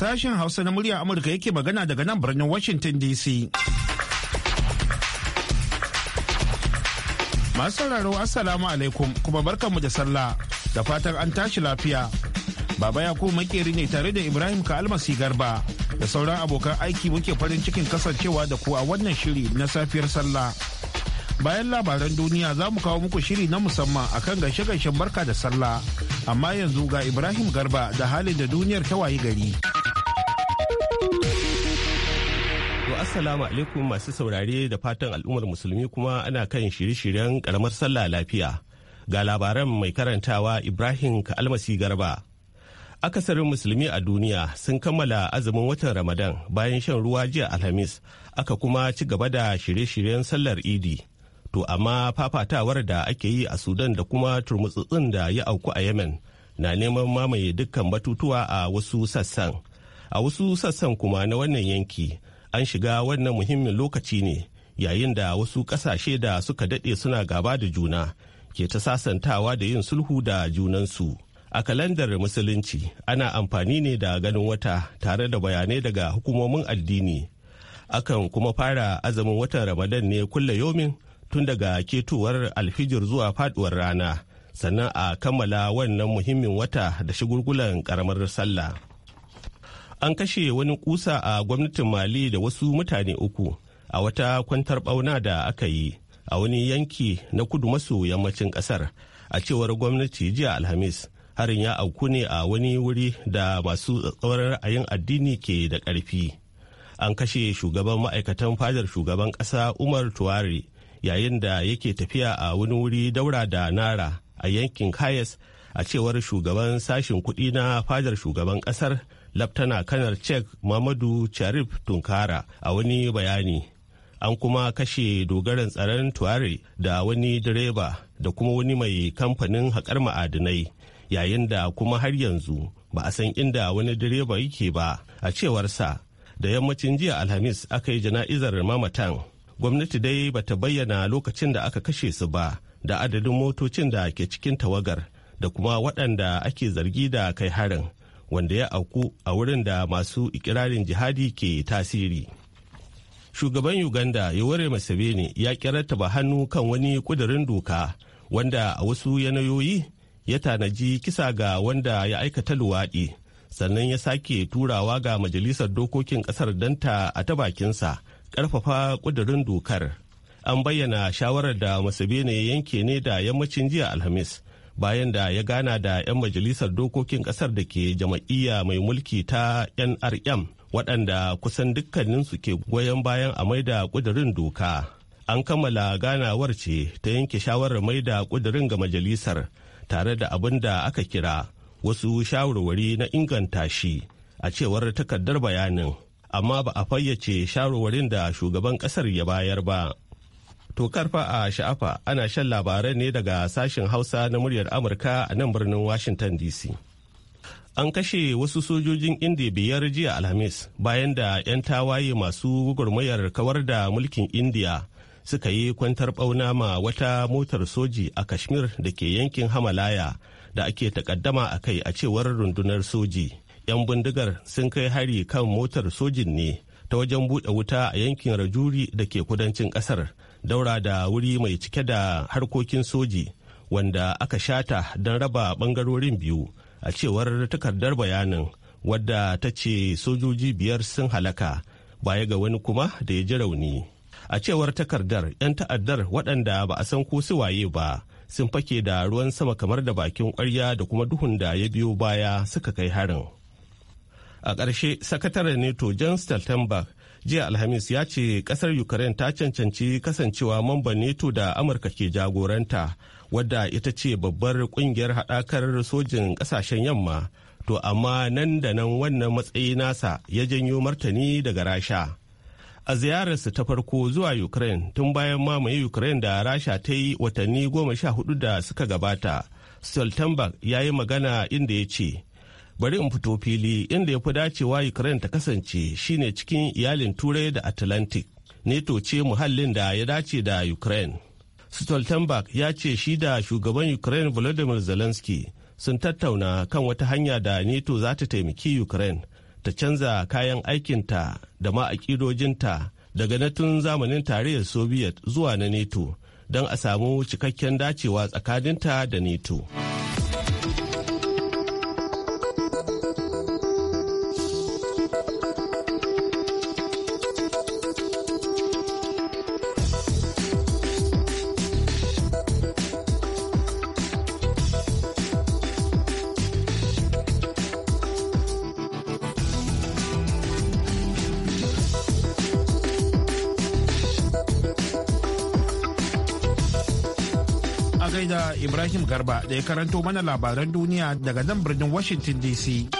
Sashen Hausa na murya Amurka yake magana daga nan birnin Washington DC. Masu sauraro Assalamu alaikum kuma barkanmu da sallah da fatan an tashi lafiya. Baba Yakubu makeri ne tare da Ibrahim ka almasi Garba da sauran abokan aiki muke farin cikin kasancewa da ku a wannan shiri na safiyar sallah. Bayan labaran duniya za mu kawo muku shiri na musamman akan gaishe-gaishen barka da sallah. Amma yanzu ga Ibrahim Garba da halin da duniyar ta wayi gari. assalamu alaikum masu saurare da fatan al'ummar musulmi kuma ana kan shirye-shiryen karamar sallah lafiya. Ga labaran mai karantawa Ibrahim kalmasi Garba. Akasarin musulmi a duniya sun kammala azumin watan Ramadan bayan shan ruwa jiya Alhamis, aka kuma ci gaba da shirye-shiryen sallar Idi. To amma fafatawar da ake yi a Sudan da kuma turmutsutsun da ya auku a Yemen na neman mamaye dukkan batutuwa a wasu sassan. A wasu sassan kuma na wannan yanki an shiga wannan muhimmin lokaci ne yayin da wasu ƙasashe da suka daɗe suna gaba da juna ke ta sasantawa da yin sulhu da junansu. A kalandar Musulunci ana amfani ne da ganin wata tare da bayanai daga hukumomin addini. Akan kuma fara azumin watan Ramadan ne kulle yomin tun daga ketowar alfijir zuwa faduwar rana, sannan a kammala wannan muhimmin wata da shigulgulan ƙaramar sallah. an kashe wani kusa a gwamnatin mali da wasu mutane uku a wata kwantar bauna da aka yi a wani yanki na kudu maso yammacin kasar a cewar gwamnati jiya alhamis harin ya auku ne a wani wuri da masu tsatsauran ra'ayin addini ke da karfi. an kashe shugaban ma'aikatan fadar shugaban kasa umar tuwari yayin da yake tafiya a wani wuri daura da nara a yankin kayas a cewar shugaban sashen kudi na fadar shugaban kasar. laftana kanar cek mamadu charif tunkara a wani bayani an kuma kashe dogaran tsaron tuare da wani direba da kuma wani mai kamfanin haƙar ma'adinai yayin da kuma har yanzu ba a san inda wani direba yake ba a cewarsa da yammacin jiya alhamis aka yi jana'izar mamatan gwamnati dai bata bayyana lokacin da aka kashe su ba da adadin motocin da ke cikin tawagar da kuma waɗanda ake zargi da kai harin wanda ya auku a wurin da masu ikirarin jihadi ke tasiri shugaban uganda yoweri museveni ya ba hannu kan wani kudirin doka wanda a wasu yanayoyi ya tanaji kisa ga wanda ya aikata luwaɗi sannan ya sake turawa ga majalisar dokokin ƙasar danta a ta bakinsa ƙarfafa kudirin dokar an bayyana shawarar da museveni ya yanke ne da yammacin jiya alhamis bayan da ya gana da 'yan majalisar dokokin kasar da ke jama'iyya mai mulki ta nrm waɗanda kusan dukkaninsu ke goyon bayan a maida ƙudurin doka an kammala ganawar ce ta yanke shawarar maida ƙudurin ga majalisar tare da abin da aka kira wasu shawarwari na inganta shi a cewar takardar bayanin amma ba a fayyace shawarwarin da shugaban ƙasar ya bayar ba To karfa a sha'afa ana shan labaran ne daga sashen Hausa na muryar Amurka a nan birnin Washington DC. An kashe wasu sojojin Indiya biyar jiya Alhamis bayan da 'yan tawaye masu gugurmayar kawar da mulkin Indiya suka yi kwantar ɓauna ma wata motar soji a Kashmir da ke yankin Hamalaya da ake takaddama a kai a cewar rundunar soji. 'Yan bindigar sun kai hari kan motar sojin ne ta wajen buɗe wuta a yankin Rajuri da ke kudancin ƙasar. daura da wuri mai cike da harkokin soji wanda aka shata don raba bangarorin biyu a cewar takardar bayanin wadda ta ce sojoji biyar sun halaka baya ga wani kuma da ya ji rauni a cewar takardar 'yan ta'addar waɗanda ba a san ko su waye ba sun fake da ruwan sama kamar da bakin ƙwarya da kuma duhun da ya biyo baya suka kai harin a ƙarshe sakataren neto john stoltenberg jiya alhamis ya ce kasar ukraine ta cancanci kasancewa mamban neto da amurka ke jagoranta wadda ita ce babbar kungiyar haɗakar sojin ƙasashen yamma to amma nan da nan wannan matsayi nasa ya janyo martani daga rasha a ziyararsa ta farko zuwa ukraine tun bayan mamaye ukraine da rasha ta yi watanni goma sha hudu da suka gabata stoltenberg ya yi magana inda ya ce bari in fito fili inda ya fi dacewa ukraine ta kasance shine cikin iyalin turai da atlantic neto ce muhallin da ya dace da ukraine stoltenberg ya ce shi da shugaban ukraine volodymyr zelensky sun tattauna kan wata hanya da neto za ta taimaki ukraine ta canza kayan aikinta da ma daga na tun zamanin tarayyar soviet zuwa na neto don a samu cikakken dacewa tsakaninta da neto Ibrahim Garba da ya karanto mana labaran duniya daga nan birnin Washington DC.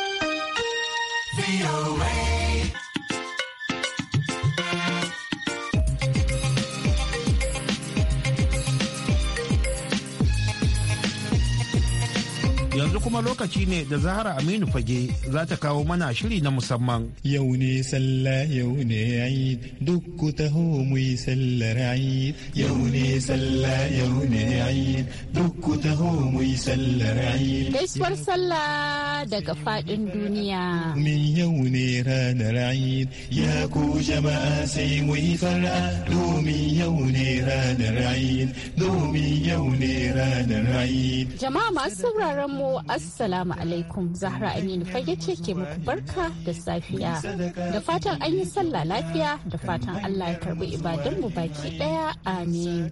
kuma lokaci ne da Zahara Aminu Fage za ta kawo mana shiri na musamman. Yau ne sallah yau ne Eid duk ku taho mu yi sallar Eid. Yau ne sallah yau ne Eid duk ku taho mu yi sallar Eid. Gaisuwar sallah daga fadin duniya. Min yau ne ranar Eid ya ku jama'a sai mu yi fara domin yau ne ranar Eid domin yau ne ranar Eid. Jama'a masu sauraron mu Assalamu alaikum Zahra Aminu fage ce ke muku barka da safiya. Da fatan an yi sallah lafiya da fatan Allah ya karbi mu baki daya amin.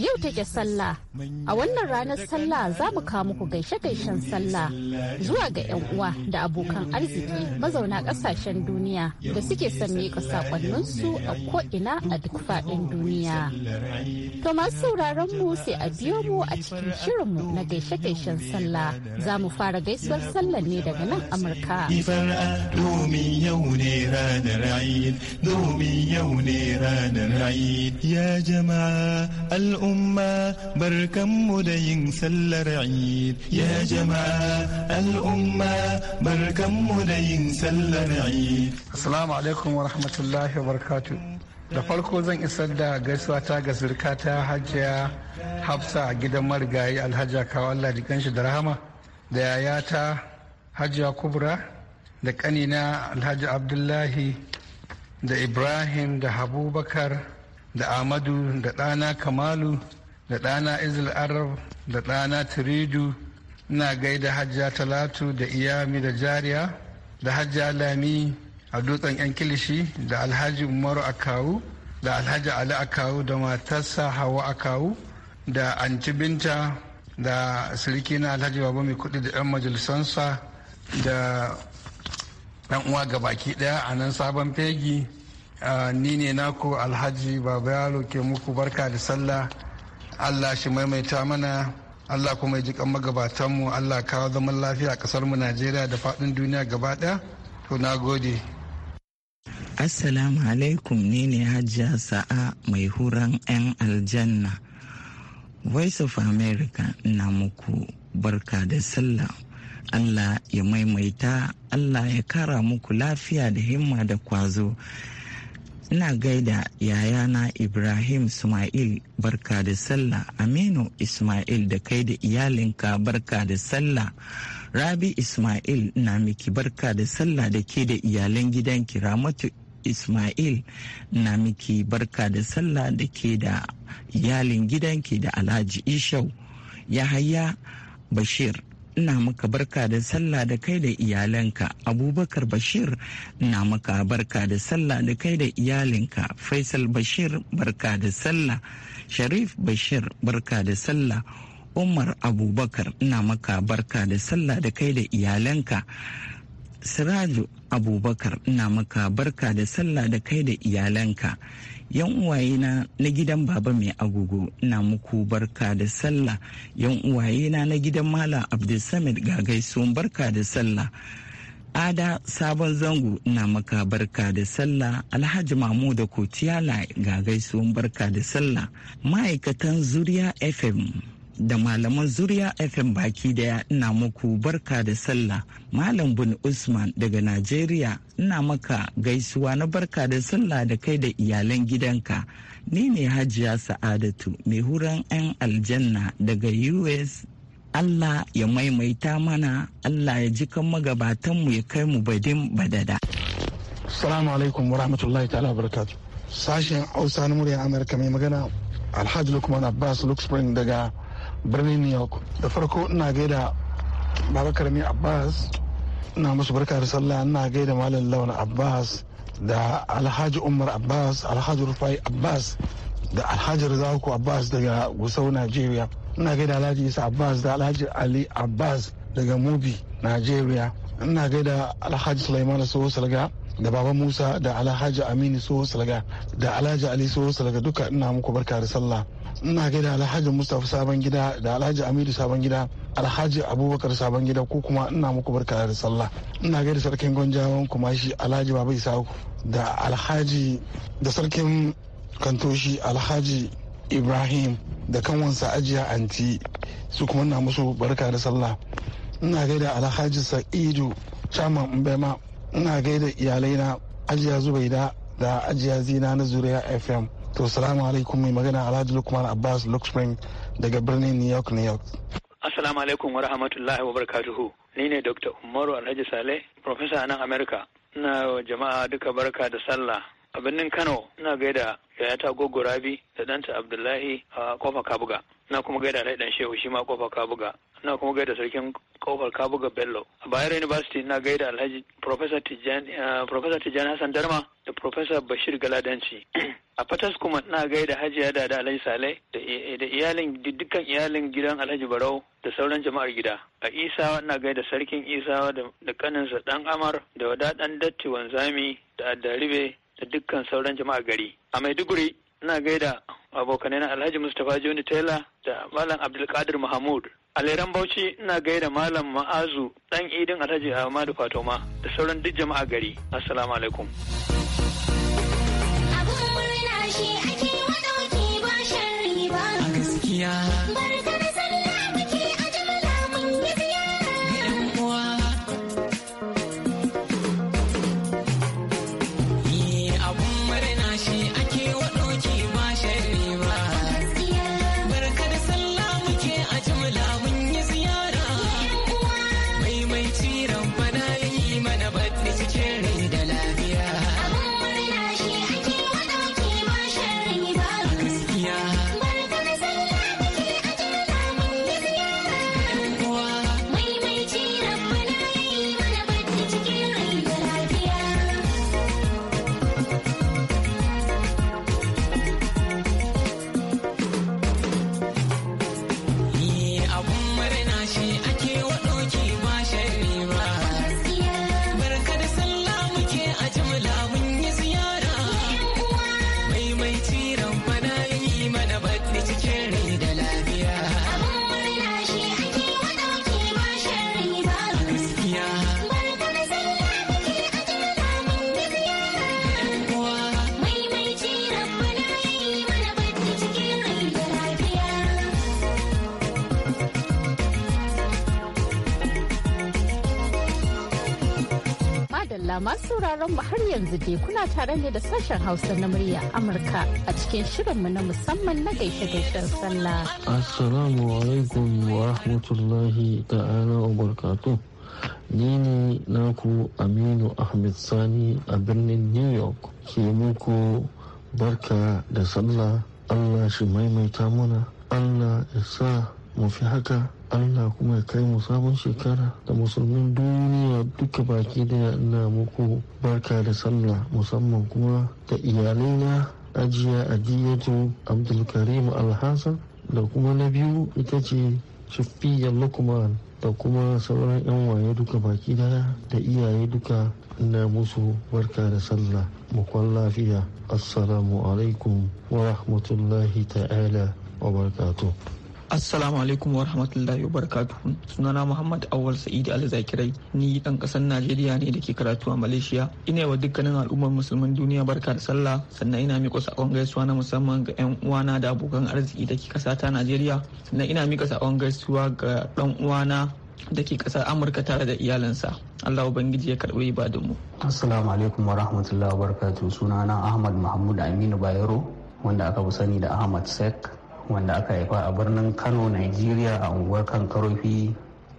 Yau take sallah. A wannan ranar sallah za mu kawo muku gaishe-gaishen sallah zuwa ga 'yan uwa da abokan arziki mazauna kasashen duniya da suke ka miƙa su a ina a duk faɗin duniya. To masu sauraron mu sai a biyo mu a cikin shirinmu na gaishe-gaishen sallah. za mu fara gaisuwar sallar ne daga nan amurka domin yau ne ranar aid domin yau ranar aid ya jama'a al'umma barkanmu da yin sallar aid ya jama'a al'umma barkanmu da yin sallar aid assalamu alaikum wa rahmatullahi wa da farko zan isar da gaisuwa ta ga sirka ta hajiya hafsa a gidan marigayi alhaji kawo allah shi da rahama da yayata hajiya kubra da kanina alhaji abdullahi da ibrahim da habubakar da amadu da ɗana kamalu da ɗana izil arab da ɗana tiridu ina gaida Hajiya talatu da iyami da jariya da hajja lami a dutsen yan kilishi da alhaji umaru akawu da alhaji ali akawu da matarsa hawa akawu da anti binta da sarki na alhaji babu mai kudi da 'yan majalisansa da yan uwa ga baki daya a nan sabon fegi ni ne naku alhaji babu ya ke muku barka da sallah allah shi maimaita mana allah kuma ya ji kan magabatanmu allah kawo zaman lafiya a kasar mu najeriya da faɗin duniya gaba daya to na gode Assalamu alaikum ni ne hajiya sa'a mai huran 'yan aljanna voice of america na muku barka da sallah allah ya maimaita allah ya kara muku lafiya da himma da kwazo ina gaida yayana ibrahim ismail barka da sallah aminu ismail da kai da iyalinka barka da sallah rabi ismail na miki barka da sallah da ke da iyalan gidanki ramatu Ismail na miki barka da sallah da ke da iyalin gidanki da Alhaji Ishau Yahaya Bashir ina maka barka da sallah da kai da iyalanka abubakar bashir ina maka barka da sallah da kai da iyalinka faisal bashir barka da sallah sharif bashir barka da sallah umar abubakar ina maka barka da sallah da kai da iyalanka Siraju Abubakar na maka barka da sallah da kai da iyalanka. Yan uwaye na na gidan baba mai agogo na muku barka da sallah. Yan uwaye na na gidan Malam Abdulsamid ga gaisuwan barka da sallah. Ada Sabon Zango na maka barka da sallah Alhaji Mamu da Kotiyala ga gaisuwan barka da sallah ma'aikatan Zuriya FM da malaman zuriya fm baki daya ina muku barka da sallah malam bin usman daga najeriya ina maka gaisuwa na barka da sallah da kai da iyalan gidanka ni ne hajiya sa'adatu mai huran 'yan aljanna daga us allah ya maimaita mana allah ya ji kan magabatanmu ya kai mu badin badada salamu alaikum wa rahmatullahi ta'ala barakatu sashen hausa na murya amurka mai magana alhaji lukman abbas luke daga birnin new york da farko ina gaida baba karami abbas ina musu barka da sallah ina gaida malam lawan abbas da alhaji umar abbas alhaji rufai abbas da alhaji rizaku abbas daga gusau nigeria ina gaida alhaji isa abbas da alhaji ali abbas daga mubi nigeria ina gaida alhaji sulaiman soho salga da baba musa da alhaji aminu soho salga da alhaji ali soho salga duka ina muku barka da sallah ina gaida alhaji mustapha sabon gida da alhaji amiru sabon gida alhaji abubakar sabon gida ko kuma ina muku barka da sallah ina gaida sarkin gwanjawan kuma shi alhaji baba isaku da alhaji da sarkin kantoshi alhaji ibrahim da kanwansa ajiya anti su kuma na musu barka da sallah ina gaida alhaji sa'idu chaman mbema ina gaida iyalaina ajiya zubaida da ajiya zina na zuriya fm to salamu alaikum mai magana alhaji lukman abbas luxpring daga birnin new york new york assalamu alaikum wa rahmatullahi wa barakatuhu ni ne dr umaru alhaji sale professor nan america ina jama'a duka barka da sallah a birnin kano ina gaida yayata gogo rabi da danta abdullahi a kofa kabuga na kuma gaida na dan shehu shi ma kofar kabuga na kuma gaida sarkin kofar kabuga bello a bayero university na gaida alhaji professor tijan eh, professor tijan hassan darma da professor bashir galadanci a fatas kuma na gaida hajiya da alhaji saleh da iyalin dukkan iyalin gidan alhaji barau da sauran jama'ar gida a isawa na gaida sarkin isawa da kaninsa dan amar da wadadan datti wanzami da addaribe da dukkan sauran jama'ar gari a maiduguri ina gaida abokanai na Alhaji Mustapha Joni Taylor da Malam Abdulkadir Mahmud. A leran Bauchi ina gaida Malam Ma'azu dan idin Alhaji Ahmadu Fatoma da sauran duk jama'a gari. Assalamu alaikum. Abun murna shi masu sauraron mu har yanzu dai kuna tare ne da sashen Hausa na murya Amurka a cikin shirinmu na musamman na gaishe-gaishen sallah. Assalamu alaikum wa rahmatullahi ta'ala wa barakatuh. ni ne naku aminu ahmed sani a birnin new york ke muku barka da sallah allah shi maimaita mana. allah ya sa mu fi haka allah kuma ya kai mu sabon shekara da musulmin duniya duka baki daya ina muku barka da sallah musamman kuma da iyalaina ajiya ajiyatu abdulkarim alhassan da kuma na biyu ita ce shafiya lukman da kuma sauran 'yan waye duka baki daya da iyaye duka ina musu barka da sallah mukwan lafiya assalamu alaikum wa rahmatullahi ta'ala wa barkatu Assalamu alaikum wa rahmatullahi wa barakatuhu. Sunana Muhammad Awal Sa'id Al Zakirai, ni dan kasar Najeriya ne da ke karatu a Malaysia. Ina wa dukkanin al'ummar musulman duniya barka da sallah, sannan ina miƙa sakon gaisuwa na musamman ga ƴan uwana da abokan arziki da ke ta Najeriya. Sannan ina miƙa sakon gaisuwa ga ɗan uwana dake kasar Amurka tare da iyalansa. Allah bangiji ya karɓi ibadunmu. Assalamu alaikum wa rahmatullahi wa barakatuhu. Sunana Ahmad Mahmud Aminu Bayero wanda aka fi sani da Ahmad Sek wanda aka haifa a birnin kano nigeria a unguwar kan karofi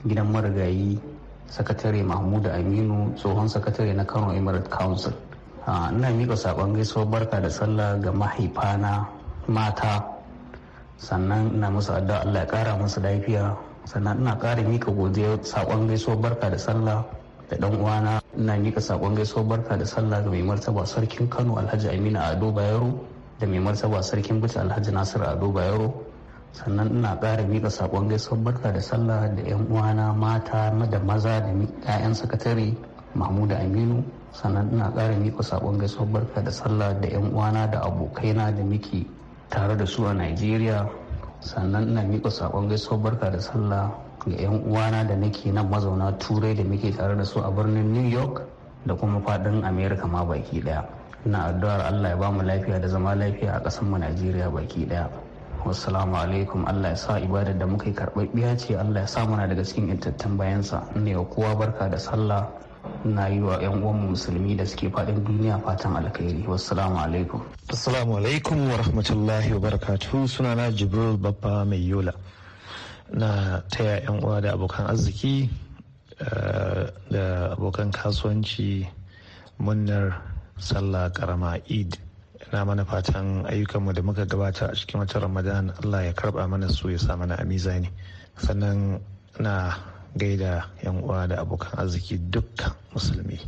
gidan marigayi sakatare mahmudu aminu tsohon sakatare na kano emirate council ah, ina miƙa saƙon gaisuwar barka da sallah ga mahaifana mata sannan ina musu addu'a allah ya ƙara musu lafiya sannan ina ƙara miƙa godiya saƙon gaisuwar barka da sallah da ɗan uwana ina miƙa saƙon gaisuwar barka da sallah ga mai martaba sarkin kano alhaji aminu ado bayero da mai martaba sarkin bisa alhaji nasir ado bayero sannan ina ƙara mika saƙon gaisuwar barka da sallah da 'yan uwana mata da maza da 'ya'yan sakatare mahmudu aminu sannan ina ƙara mika saƙon gaisuwar barka da sallah da 'yan uwana da abokaina da muke tare da su a nigeria sannan ina miƙa saƙon gaisuwar barka da sallah ga 'yan uwana da nake nan mazauna turai da muke tare da su a birnin new york da kuma faɗin america ma baki ɗaya na addu'ar allah ya ba mu lafiya da zama lafiya a ƙasar mu najeriya baki daya wassalamu alaikum allah ya sa ibadar da muka yi karɓaɓɓiya ce allah ya sa muna daga cikin intattun bayansa ne wa kowa barka da sallah na yi wa 'yan uwanmu musulmi da suke faɗin duniya fatan alkhairi wassalamu alaikum assalamu alaikum wa rahmatullahi wa barakatuhu sunana jibril babba mai yola na taya 'yan uwa da abokan arziki eh, da abokan kasuwanci munnar sallah karama eid na mana fatan ayyukanmu da muka gabata a cikin watan ramadan allah ya karba mana su ya sa mana amiza ne sannan na gaida yan uwa da abokan arziki dukkan musulmi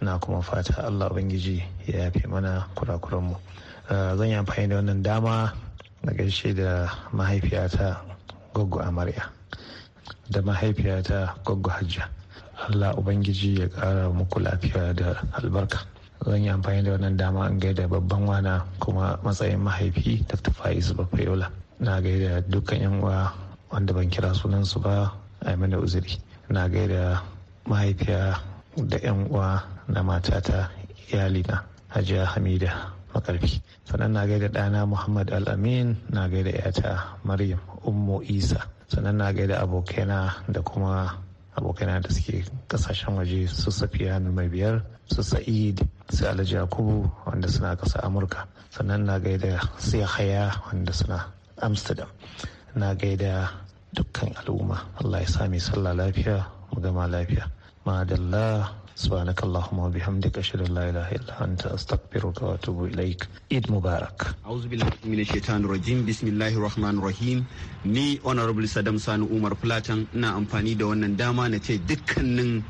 na kuma fata allah ubangiji ya yafe mana kurakuranmu eh, zan yi amfani da wannan dama na gaishe da mahaifiyata goggo amarya da mahaifiyata goggo hajja allah ubangiji ya kara muku lafiya da albarka zan yi amfani da wannan dama in gaida babban wana kuma matsayin mahaifi dr faiz bafayola na gaida dukkan yan uwa wanda ban kira sunansu ba a mana uzuri na gaida mahaifiya da yan uwa na matata iyalina hajiya hamida makarfi sannan na gaida ɗana muhammad al-amin na gaida yata maryam ummu isa sannan na gaida abokaina da kuma abokaina da suke kasashen waje su safiya mai biyar su sa'id su alhaji yakubu wanda suna ƙasa amurka sannan na gaida su haya wanda suna amsterdam na gaida dukkan al'umma allah ya sami sallah lafiya mu gama lafiya madalla سبحانك اللهم وبحمدك اشهد ان لا اله الا انت استغفرك واتوب اليك عيد مبارك اعوذ بالله من الشيطان الرجيم بسم الله الرحمن الرحيم ni honorable sadam sani umar platan ina amfani da wannan dama na ce dukkanin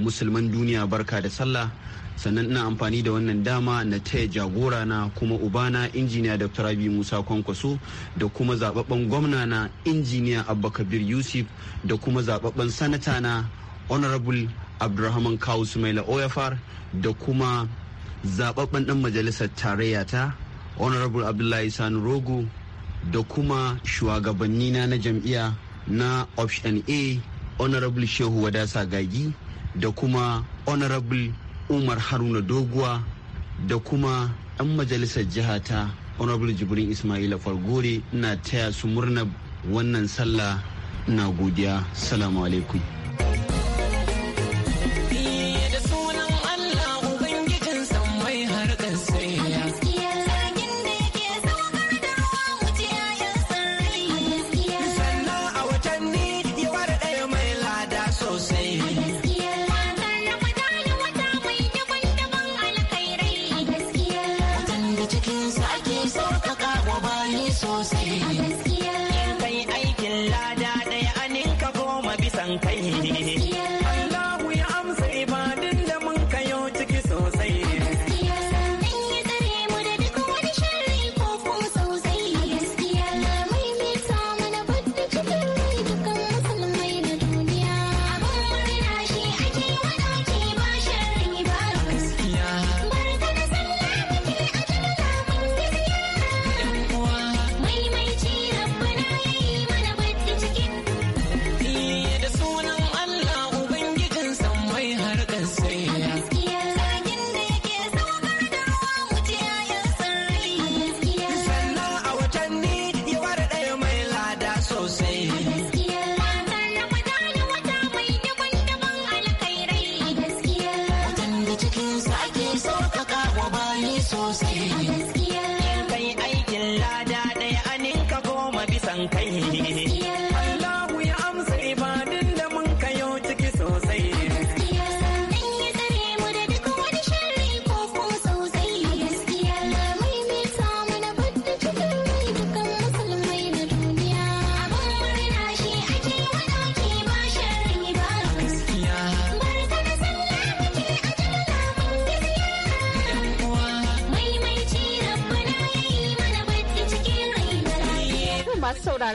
musulman duniya barka da sallah sannan ina amfani da wannan dama na taya jagora na kuma ubana injiniya dr rabi musa kwankwaso da kuma zababben gwamna na injiniya kabir yusuf da kuma zababben sanata na honorable abdulrahman kawu sumaila oyafar da kuma zababben dan majalisar tarayya ta honorable abdullahi sani rogo da kuma shugabanni na na jam'iyya na option a honorable shehu wadasa gagi da kuma honorable umar haruna doguwa da kuma 'yan majalisar jihata honorable jibrin ismaila fargore na taya su murna wannan sallah na godiya salamu alaikum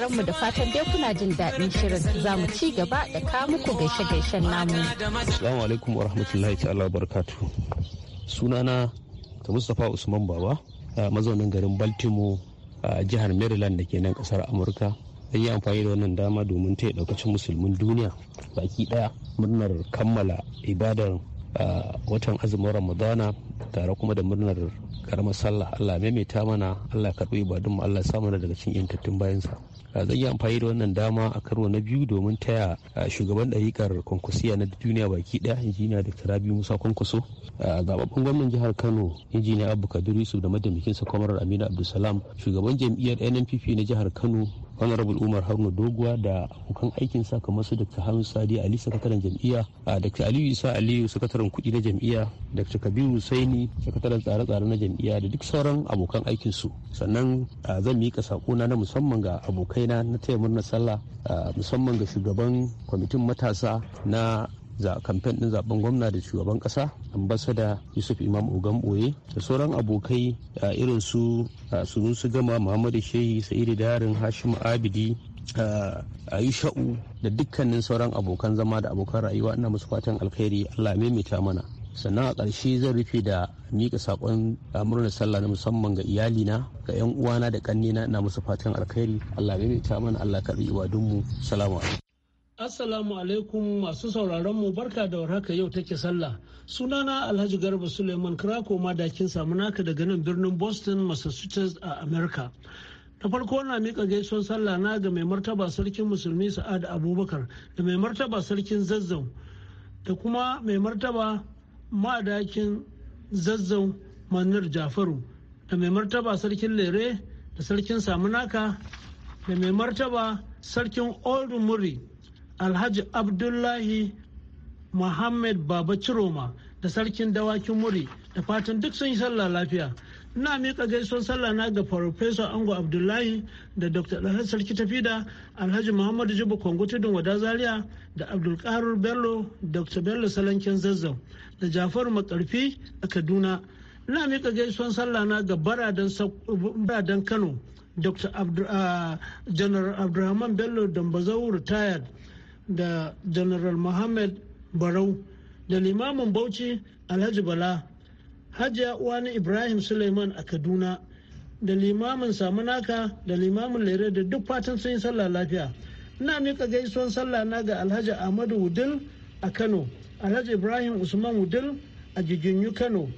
sauraron mu da fatan dai kuna jin daɗin shirin za mu ci gaba da ka muku gaishe-gaishen namu. Assalamu alaikum wa rahmatullahi ta'ala barkatu. Sunana ta Mustapha Usman Baba mazaunin garin Baltimore a jihar Maryland da ke nan kasar Amurka. Zan yi amfani da wannan dama domin taya daukacin musulmin duniya baki ɗaya murnar kammala ibadar watan azumin Ramadana tare kuma da murnar karamar sallah Allah maimaita mana Allah karɓi ibadun mu Allah samu daga cikin yantattun bayansa. zan yi amfani da wannan dama a karo na biyu domin taya shugaban ɗarikar kwankwasiya na duniya baki ɗaya injiniya da rabi musa kwankwaso zababben gwamnan jihar kano injiniya abu kadir yusuf da madamakinsa kwamarar aminu abdulsalam shugaban jam'iyyar nnpp na jihar kano honorable umar haruna doguwa da abokan aikin sa kamar su dr hamidu sadi ali sakataren jam'iyya dr aliyu isa aliyu sakataren kudi na jam'iyya dr kabiru husaini sakataren tsare-tsare na jam'iya da duk sauran abokan aikin su sannan zan miƙa sakona na musamman ga abokaina na taya murnar sallah musamman ga shugaban kwamitin matasa na za kamfen din zaben gwamna da shugaban kasa ambasada yusuf imam ogan boye da sauran abokai irin su su gama muhammadu shehi sa'idu darin hashim abidi a yi sha'u da dukkanin sauran abokan zama da abokan rayuwa ina musu fatan alkhairi allah maimaita mana sannan a ƙarshe zan rufe da mika saƙon murnar sallah na musamman ga iyalina ga 'yan uwana da ƙannena ina musu fatan alkhairi allah maimaita mana allah karɓi ibadunmu salamu alaikum Assalamu alaikum masu sauraron mu barka da warhaka yau take sallah. Sunana Alhaji Garba Suleiman Krako madakin naka daga nan birnin Boston, Massachusetts a America. Da farko na mika gaishon sallah na ga mai martaba sarkin musulmi Sa'ad Abubakar da mai martaba sarkin Zazzau da kuma mai martaba madakin Zazzau Manar Jafaru da mai martaba sarkin Lere da sarkin Samunaka da mai martaba sarkin Old Murray alhaji abdullahi muhammad baba ciroma da sarkin dawakin muri da fatan duk sun yi sallah lafiya ina miƙa gaisuwar sallah na ga farfesa ango abdullahi da dr alhaji sarki tafida alhaji muhammadu jibu kwango tudun wada zaria da abdulkarur bello dr bello salankin zazzau da jafaru makarfi a kaduna ina miƙa gaisuwar sallah na ga baradan kano dr ah, general abdulrahman bello dambazau retired da general mohammed barau da limamin bauchi alhaji bala hajiya uwani ibrahim suleiman a kaduna da limamin samunaka da limamin lere da duk fatan sun yi sallah lafiya ina miƙa gaisuwan sallah na ga alhaji ahmadu wudil a kano alhaji ibrahim usman wudil a jiginyu kano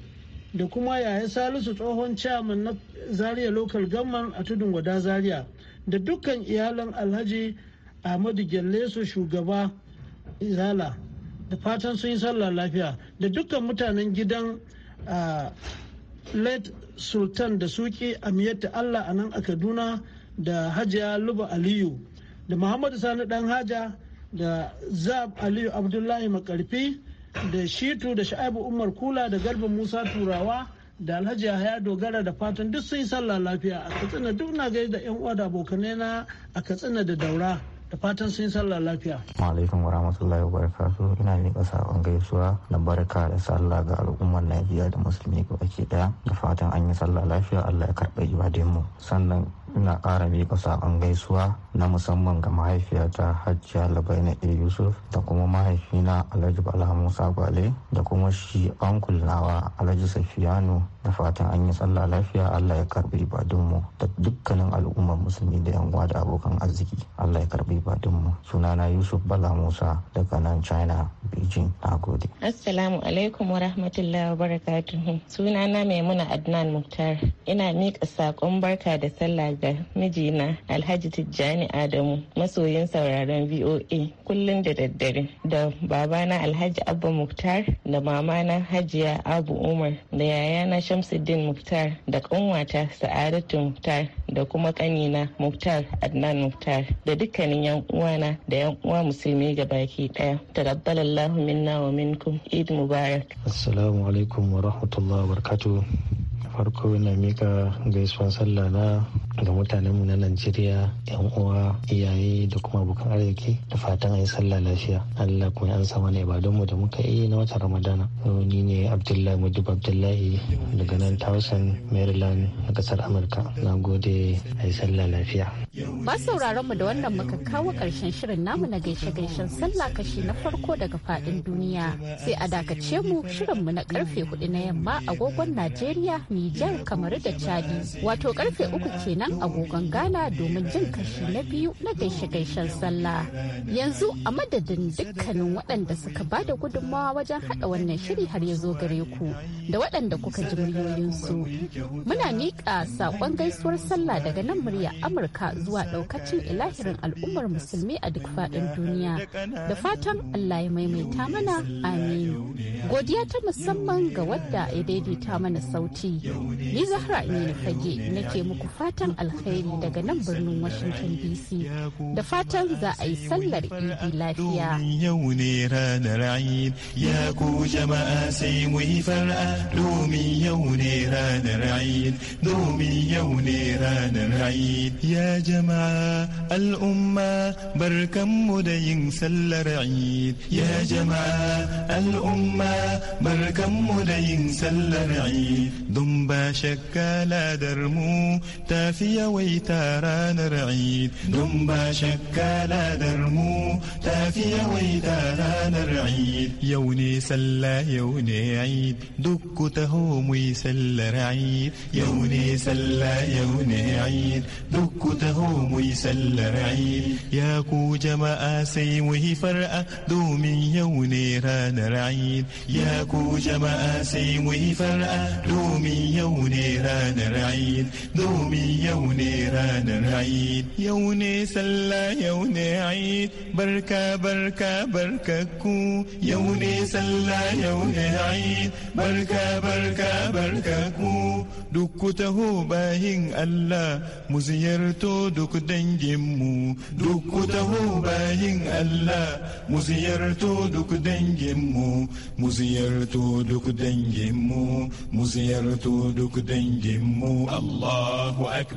da kuma yaya salisu tsohon chairman na zaria local government a tudun wada Zariya. da dukkan iyalan alhaji ahmadu jalleso shugaba izala da fatan sun yi sallah lafiya da dukkan mutanen gidan late sultan da suki amiyatta allah a nan a kaduna da hajiya luba aliyu da muhammadu sani dan haja da zab aliyu abdullahi makarfi da shitu da sha'abu umar kula da garba musa turawa da alhaji ya dogara da fatan duk sun yi sallah lafiya a katsina duk na gaida yan uwa da abokanai na a katsina da daura da fatan sun sallah lafiya. Alaikum wa rahmatullahi wa barakatu ina miƙa saƙon gaisuwa da barka da sallah ga al'ummar Najeriya da musulmi baki ɗaya da fatan an yi sallah lafiya Allah ya karɓa ibadun mu sannan ina ƙara miƙa saƙon gaisuwa na musamman ga mahaifiyata hajjiya labaina a yusuf da kuma mahaifina alhaji bala musa gwale da kuma shi ankul nawa alhaji safiyanu da fatan an yi sallah lafiya allah ya karbi ibadunmu da dukkanin al'ummar musulmi da yan da abokan arziki allah ya karɓi. alheri sunana yusuf bala musa daga nan china beijing na gode assalamu alaikum wa rahmatullahi wa barakatuhu sunana maimuna adnan muktar ina miƙa saƙon barka da sallah ga mijina alhaji tijjani adamu masoyin sauraron voa kullum da daddare da babana alhaji abba muktar da mamana hajiya abu umar da yayana shamsuddin muktar da ƙanwata sa'adatu muktar da kuma ƙanina muktar adnan muktar da dukkanin yan uwana da yan uwa musulmi baki daya taqabbalallahu minna wa minkum eid mubarak assalamu alaikum wa rahmatullahi wa barakatuh farko na mika gaisuwan sallah na ga mutanenmu na Najeriya yan uwa iyaye da kuma abokan arziki da fatan a yi sallah lafiya Allah kuma an sa mana mu da muka yi na watan Ramadana ni ne Abdullahi Mujib Abdullahi daga nan Towson Maryland na kasar Amurka na gode a yi sallah lafiya Ba sauraron mu da wannan muka kawo karshen shirin namu na gaishe gaishen sallah kashi na farko daga fadin duniya sai a dakace mu shirin mu na karfe hudu na yamma agogon Najeriya Nijar Kamaru da Chadi wato karfe uku kenan kenan agogon gana domin jin kashi na biyu na gaishe-gaishen sallah. Yanzu a madadin dukkanin waɗanda suka ba da gudunmawa wajen haɗa wannan shiri har ya zo gare ku da waɗanda kuka ji muryoyinsu. Muna miƙa saƙon gaisuwar sallah daga nan murya Amurka zuwa ɗaukacin ilahirin al'ummar musulmi a duk faɗin duniya. Da fatan Allah ya maimaita mana amin. Godiya ta musamman ga wadda ya daidaita mana sauti. Ni Zahra Aminu Fage nake muku fatan alkhairi daga nan birnin Washington DC. Da fatan za a yi sallar idi lafiya. Yau ne ranar Eid, ya ku jama'a sai mu yi far'a domin yau ne ranar Eid, domin yau ne ranar Eid. Ya jama'a al'umma barkanmu da yin sallar Eid. Ya jama'a al'umma barkanmu da yin sallar Eid. Don ba shakka ladar mu tafi سيا ويتاران رعيد دمبا شكالا درمو تافيا ويتاران رعيد يوني سلا يوني عيد دكو تهوم ويسل رعيد يوني سلا يوني عيد دكو تهوم ويسل رعيد يا كو جما سي وهي فرأة دومي يوني ران رعيد يا كو جما سي وهي فرأة دومي يوني ران رعيد دومي يوني yau ne ranar yau ne sallah yau ne barka barka barka ku yau ne sallah yau ne barka barka barka ku duk ku taho bahin Allah mu ziyarto duk dangin mu. duk ku taho bahin Allah mu ziyarto duk dangin mu mu ziyarto duk dangin mu mu ziyarto duk danginmu Allahu akbar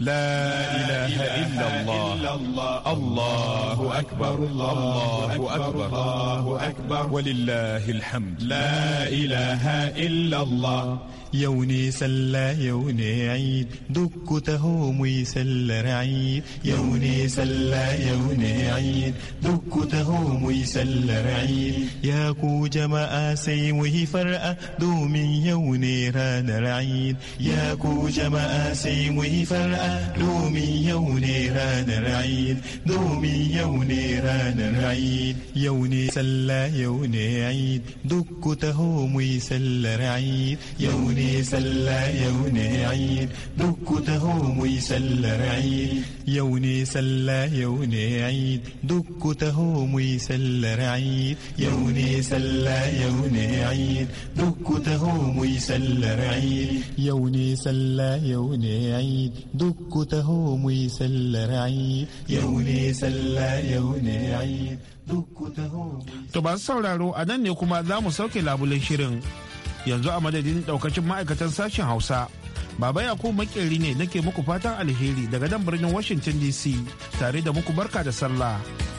لا إله إلا الله الله أكبر الله أكبر الله أكبر ولله الحمد لا إله إلا الله يوني سلا يوني عيد دك تهوم يسل رعيد يوني سلا يوني عيد دك تهوم يسل رعيد يا كو جما سيمه فرأة دوم يوني ران رعيد يا كو جما سيمه فرأة دومي يوني ران العيد دومي يوني ران العيد يوني سلا يوني عيد دك تهوم يسل رعيد يوني سلا يوني عيد دك تهوم يسل رعيد يوني سلا يوني عيد دك تهوم يسل رعيد يوني سلا يوني عيد دك تهوم يسل رعيد يوني سلا يوني عيد دك ku To ba sauraro a nan ne kuma za mu sauke labulen shirin yanzu a madadin daukacin ma'aikatan sashen Hausa. Baba Yakubu makeri ne nake muku fatan alheri daga nan birnin Washington DC tare da muku barka da sallah.